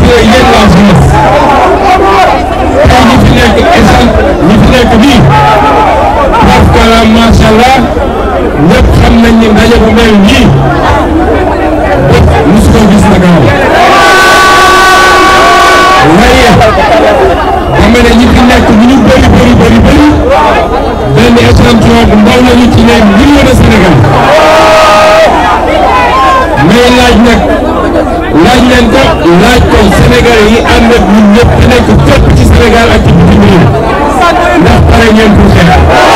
parce que yéen laa jeunesse tey ñi fi nekk Essal ñi fi nekk nii parce que macha allah ñëpp xam nañ ni ndaje bu mel nii bët mosu ko gis na gaaw ah. waaye dama ne ñi fi nekk ñu bëri bëri bëri bëri benn échantillon bu ndaw la ñu ci ne million de Sénégal may laaj nag. laaj leen ko Sénégal yi ànd ak ñun ñëpp nekk fépp ci Sénégal ak ci bitim réew ndax pare ngeen pour xeex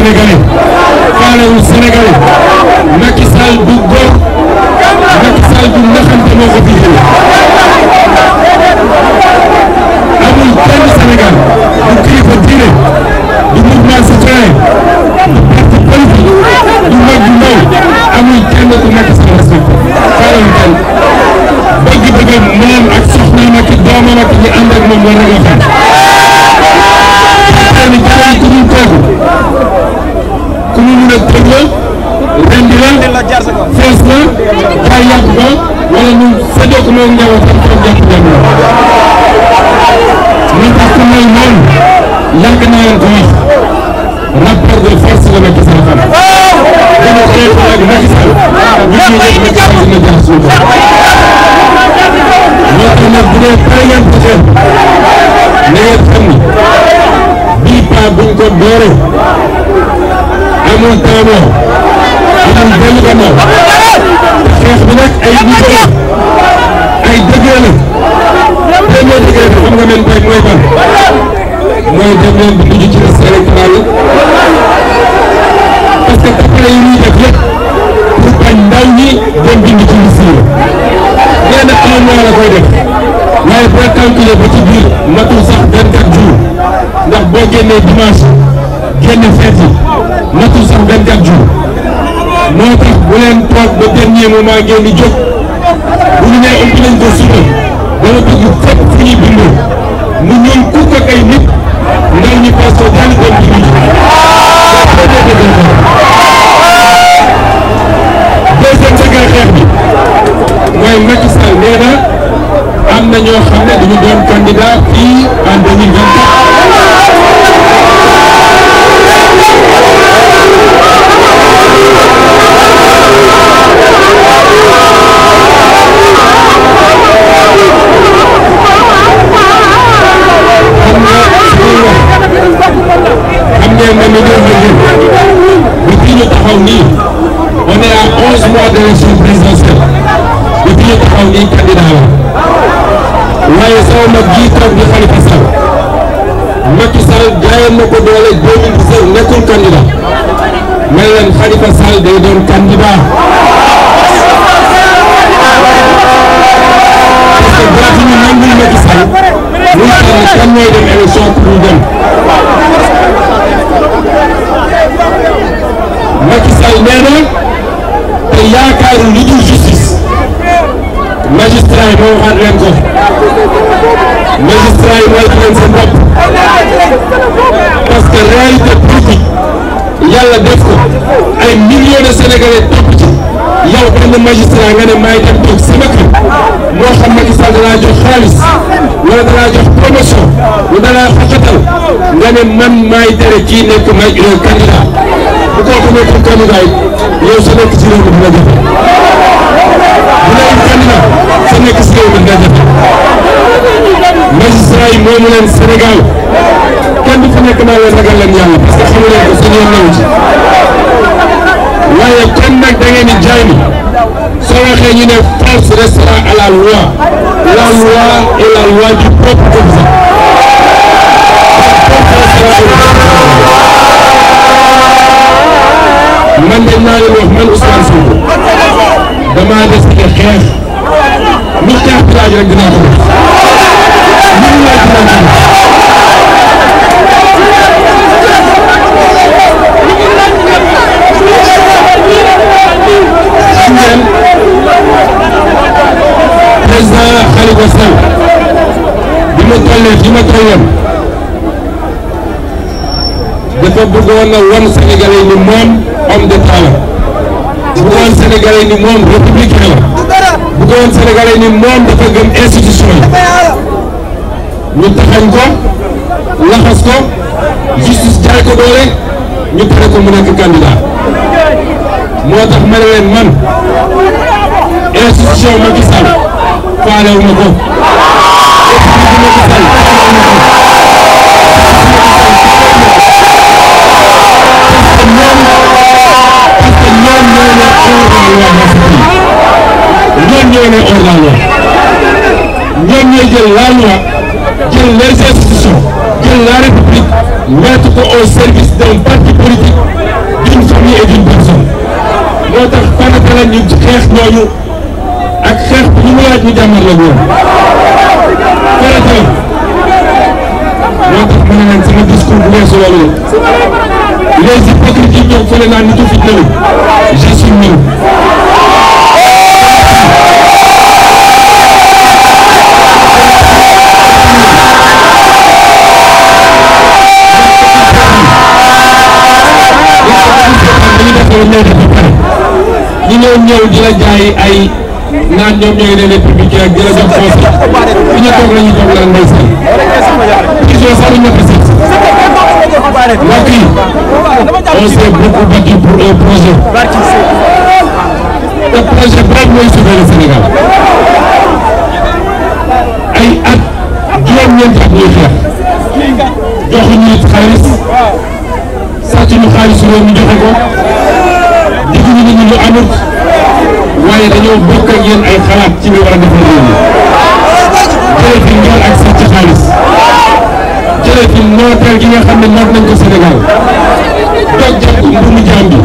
Sénégalais faalewul Sénégalais Macky Sall du góor Macky Sall du naxante moo ko fi jëlee amul kenn Sénégal du kilifa diine du mouvement citoyen du parti politique du mag du ndaw amul kenn ku Macky Sall respecté faalewul kenn bëgg-bëggam moom ak soxnaam ak doomam ak ñi ànd ak moom war na nga xam la fees na jaay yàpp ba wala ñu séddoo ko moom njabootam ko jàpp jàpp li tax ko mooy moom yàgg naa leen ko wax rapport de force la Macky Sall xam dama xeex ak Macky Sall ñu ciy def Macky Sall dina jaar suñu bopp moo tax nag bu dee pare ngeen ko seen na ngeen xam ni bii paa buñ ko dooree amoon temps am benn gannaaw xeex bi nag ay nit ay degré la bi xam ci liste yi parce na amoon naa la koy def waaye boo ba ci biir matul sax 24 jours ndax boo génnee dimanche génne fête yi matul sax 24 jours moo tax bu leen toog ba dernier moment ngeen di jóg bu ñu nee ëpp nañ ko suba dana bëgg fépp fu bindu mu ñuul ku ay nit ndaw ñi parce que daanaka ñu ngi ji. deuxième secret am na ñoo xam ne dañu doon candidat fii en 2024. Zanzibar. parce que baatu ñu nangul Macky Sall muy tànn kan mooy dem élection pour ñu dem. Macky Sall nee na te yaakaaru li dul justice magistrat yi moo waxaat leen ko magistrat yi mooy leen seen bopp parce que réalité politique. yàlla def ko ay millions de topp ci yow benn magistrat nga ne maay kenn ku nekk naa leen ragal leen yàlla parce que xam ngeen ko suñu yoon ci waaye kenn nag da ngeen di jaay ni soo waxee ñu ne France restera à la loi la loi est la loi du peuple comme ça. man de naa leen wax man Ousmane Sonko damaa des ci xeex lu xeex laaj rek dinaa ko def. Khalifa Sall a wan Sénégalais ni moom dafa gëm institution yi ñu taxañ ko laxas ko justice jaay ko doole ñu tere ko mu nekk candidat moo tax ma man institution Macky Sall faale wu ma ko. ñoom ñoo ne organe la ñoom ñooy jël la loi jël les institutions jël la république mettre ko au service d'un parti politique d'une famille et d'une personne moo tax Fanatalane ñu xeex ñooñu. laaj mu jàmmarloo ak yow. jërëjëf. moo tax ma ne leen sama discours bu weesu loolu la. les hypocrites yi ñoom fële naa nitu fitna la. je suis ñëw. ñu ñëw ñëw di la jaay ay. naan ñoom ñooy les républicains ak jërëjëf Moussa fi ñu toog la ñu toog naan ndeysaan. disons sax ñu ñëpp a seet. mbokk yi on s'est beaucoup battu pour un projet. te projet bi rek mooy sauver le Sénégal. ay at juróom-ñeent at ñuy xeex. joxuñu it xaalis. sàcc ñu xaalis réew mi joxe ko. defuñu nit ñi lu amut. waaye dañoo bokk ak ay xalaat ci li war a defar réew mi jëlee fi njool ak sàcc xaalis jëlee fi nooteel gi nga xam ne noot nañ ko Sénégal toog jàpp mbuumu jaam bi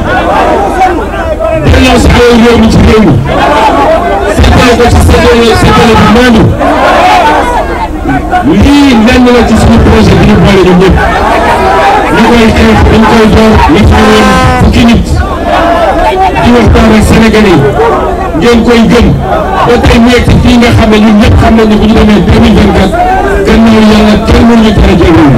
delloo si alal réew ci réew mi seetale ko ci seetale seetale bu ci suñu projet bi ñu boole ñun ñëpp ñu koy xeex dañ koy door ñu fukki nit di waxtaan ngeen koy gëm ba tey nekk fii nga xam ne ñun ñëpp xam nañu bu ñu demee 2024 gannaaw yàlla kenn mënuñu tere jël réew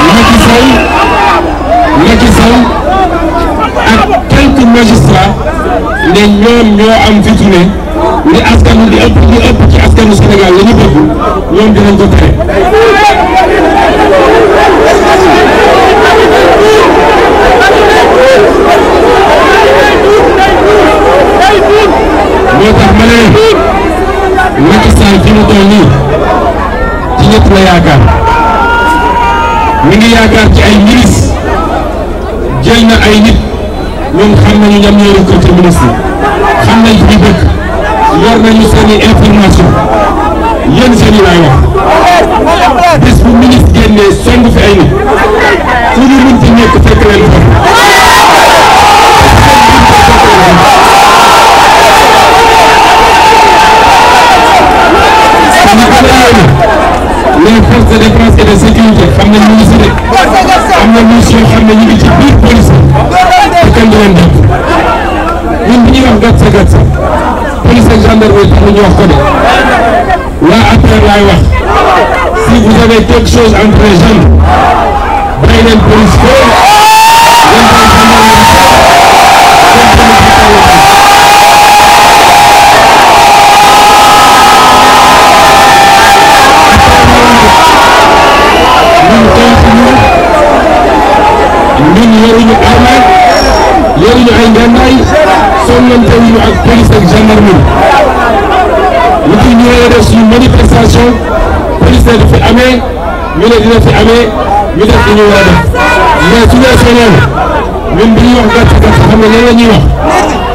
mi Macky Sall Macky Sall ak quelques magistrats ne ñoom ñoo am fitu ne li askan li ëpp li ëpp ci askanu Sénégal la ñu bëgg ñoom dinañ ko tax ma ne Macky Sall fi mu toll nii ci ñëpp la yaakaar mi ngi yaakaar ci ay ministre jël na ay nit ñoom xam nañu ñam ñoo recruté ministre xam nañ fi dëkk yor nañu seen i information yéen seen i forces de défense et de sécurité xam nañ ñu ngi si dëkk am na mission yoo xam ne ñu ngi ci biir police bi kenn du leen dégg ñun bi ñuy wax gàtt sa gàtt sa police ak gendarmerie tax na ñu wax ko de waa après laay wax si vous avez quelque chose entre les jeunes bàyyi leen police boole wu ñu ak police ak gendarmerie lu ci ñu ne def manifestation police la di fi amee ñu ne dina fi amee ñu def li ñu war a de mais su dee soo loolu ñun bi ñuy wax gàtt gàtt xam nga lan la ñuy wax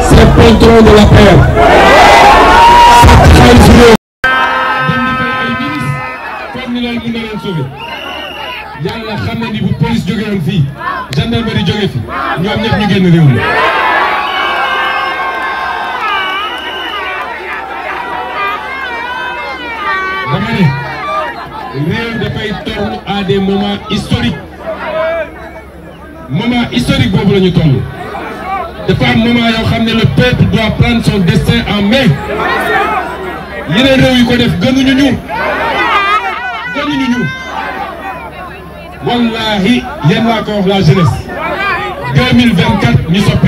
c'est poltron de la paire. yàlla xam na ni bu police jóge dama ne réew dafay toll à des moments historiques moment historique boobu la ñu toll dafa am moment yoo xam ne le peuple doit prendre son destin en mais yeneen réew yu ko def gënuñu ñu gënuñu ñu wallahi yéen laa ko wax la jeunesse 2024 ñu soppi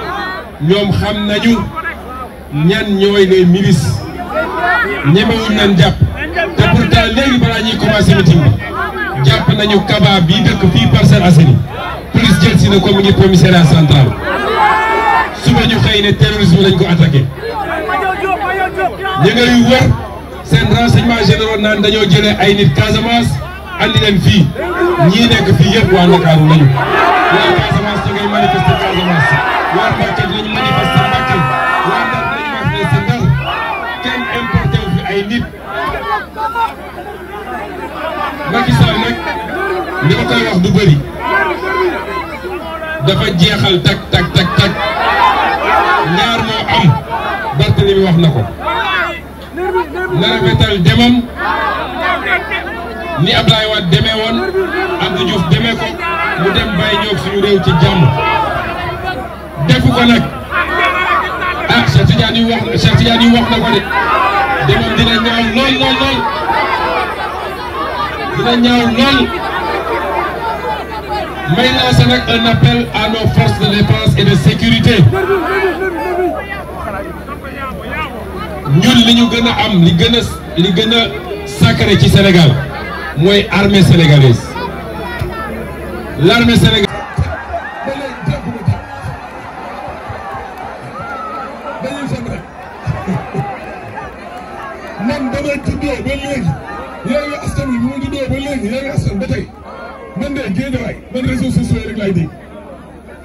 ñoom xam nañu ñan ñooy les milices ñemewuñ nañ jàpp te pourtant léegi balaa ñuy commencé meeting bi jàpp nañu Kaba bii dëkk fii Parcelles Assainies police jël si na ko ngi commissariat central suba ñu xëy ne terrorisme lañ ko attaqué ñu ngay wër seen renseignement généraux naan dañoo jëlee ay nit Casamance andi leen fii ñii nekk fii yëpp waa Ndakaaru lañu waa Casamance ñu ngay manifester Casamance Macky Sall nag li ma wax du bëri dafa jeexal tak tak tak tak ñaar moo am Barthélemy wax na ko na rafetal demam ni Abdoulaye Wade demee woon Abdou Diouf demee ko mu dem bàyyi ñoog réew ci jàmm defu ko nag ah Cheikh Tidiane wax Cheikh Tidiane wax na ko de demam dina ñaaw lool lool lool dafa ñaaw lool may lancer nag un li ñu gën a am li gën a li gën a sacré ci Sénégal mooy armée sénégalaise man réseaux sociaux yi rek laay dégg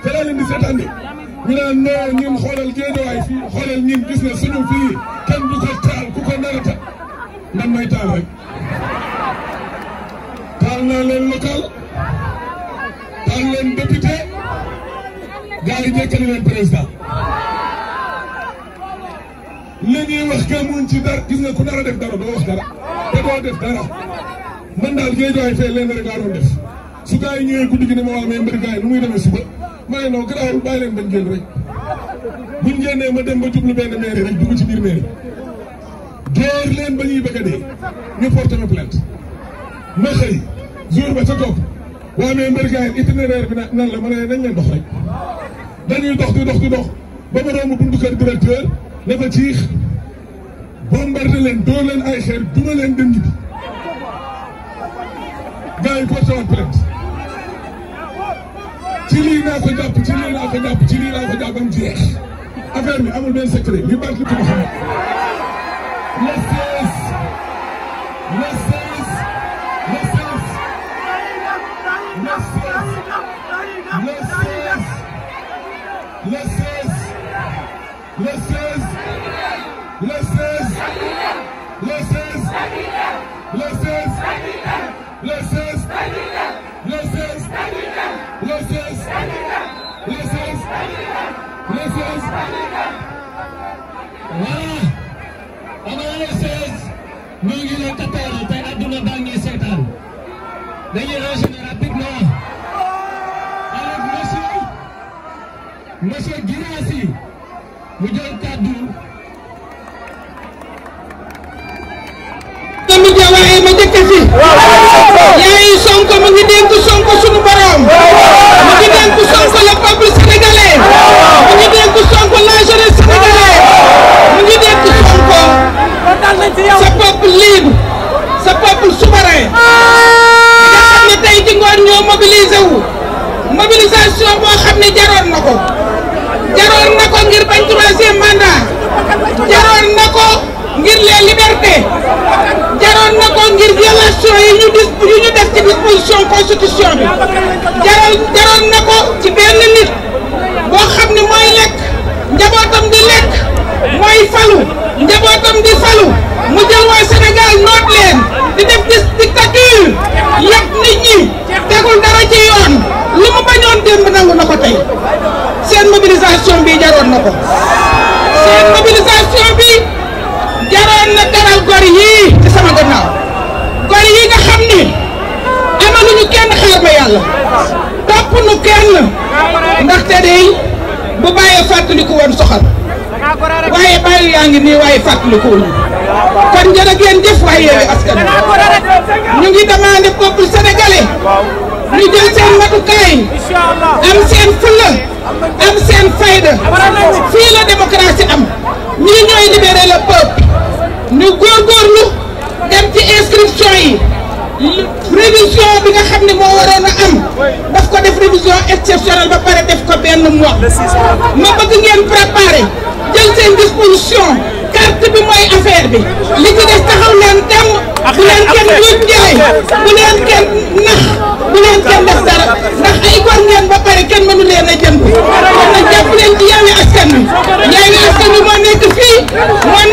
te laa leen di seetaan de ñu naan non ñun xoolal géejawaay fii xoolal ñun gis na suñu fii kenn du taal ku ko nar a taal man taal rek taal naa leen local taal leen député gars yi nekkali leen président wax gëmuñ ci dara gis dara doo wax dara te def dara man daal géejawaay fee leen rek laa def su gars yi ñëwee guddi gi ne ma waa mais mbir nu muy demee suba ma ne non garaawul bàyyi leen bañ génn rek buñ génnee ma dem ba jublu benn mairie rek dugg ci biir mairie door leen ba ñuy bëgg a dee ñu porté ma plainte ma xëy jour ba sa topp waa mais mbir gars yi itinéraire bi nan la ma ne nañ leen dox rek dañuy dox di dox di dox ba ma romb buntu kër directeur dafa ciix bombardé leen door leen ay xeer duma leen dem ñibbi gars yi porté woon ci lii naa ko jàpp ci lii naa ko jàpp ci lii naa ko jàpp ba mu jeex affaire bi amul benn secret li barki ci Mouhamed le 16 le 16 le 16 le 16 le 16 le 16 tey la tey adduna baa ngi seetaan dañuy ma jëkk si yaayu Sonko sunu borom mu ngi dénk Sonko Sonko la jeunesse sénégalaise mu ngi dénk Sonko sa peuple libre mobiliser wu mobilisation boo xam ne jaroon na ko jaroon na ko ngir bañ troisième jaroon na ko ngir les libertés jaroon na ko ngir violation yi ñu dis yi ñu def ci disposition constitution bi jaroon jaroon na ko ci benn nit boo xam ne mooy lekk njabootam di lekk. mooy falu njabootam di falu mu jël waa Sénégal noot di def di dictature yëpp nit ñi tegul dara ci yoon mu bañoon démb nangu na tey seen mobilisation bi jaroon na seen mobilisation bi jaroon na teral gor yii ci sama gannaaw gor yi nga xam ni amaluñu kenn xaar ma yàlla topp nu kenn ndaxte day bu bàyyee fàttaliku soxal waaye bàyyi yaa ngi nii waaye fàttali ko wuñu kon jërëgeen jëf waaye yeewee askan ñu ngi demandé ñu jël seen matukaay am seen fulla am seen fayda fii la démocratie am ñii ñooy libéré le peuple ñu góorgóorlu dem ci inscription yi révision bi nga xam ne moo exceptionnel ba pare def ko benn mois ma bëgg ngeen préparer jël seen disposition carte bi mooy affaire bi li ci des dem bu leen kenn duñ bu leen kenn nax bu leen kenn def ndax ay gor ngeen ba pare kenn mënu leen a jënd kon nag jàpp leen ci Yewwi Askan Wi Yewwi Askan Wi moo nekk fii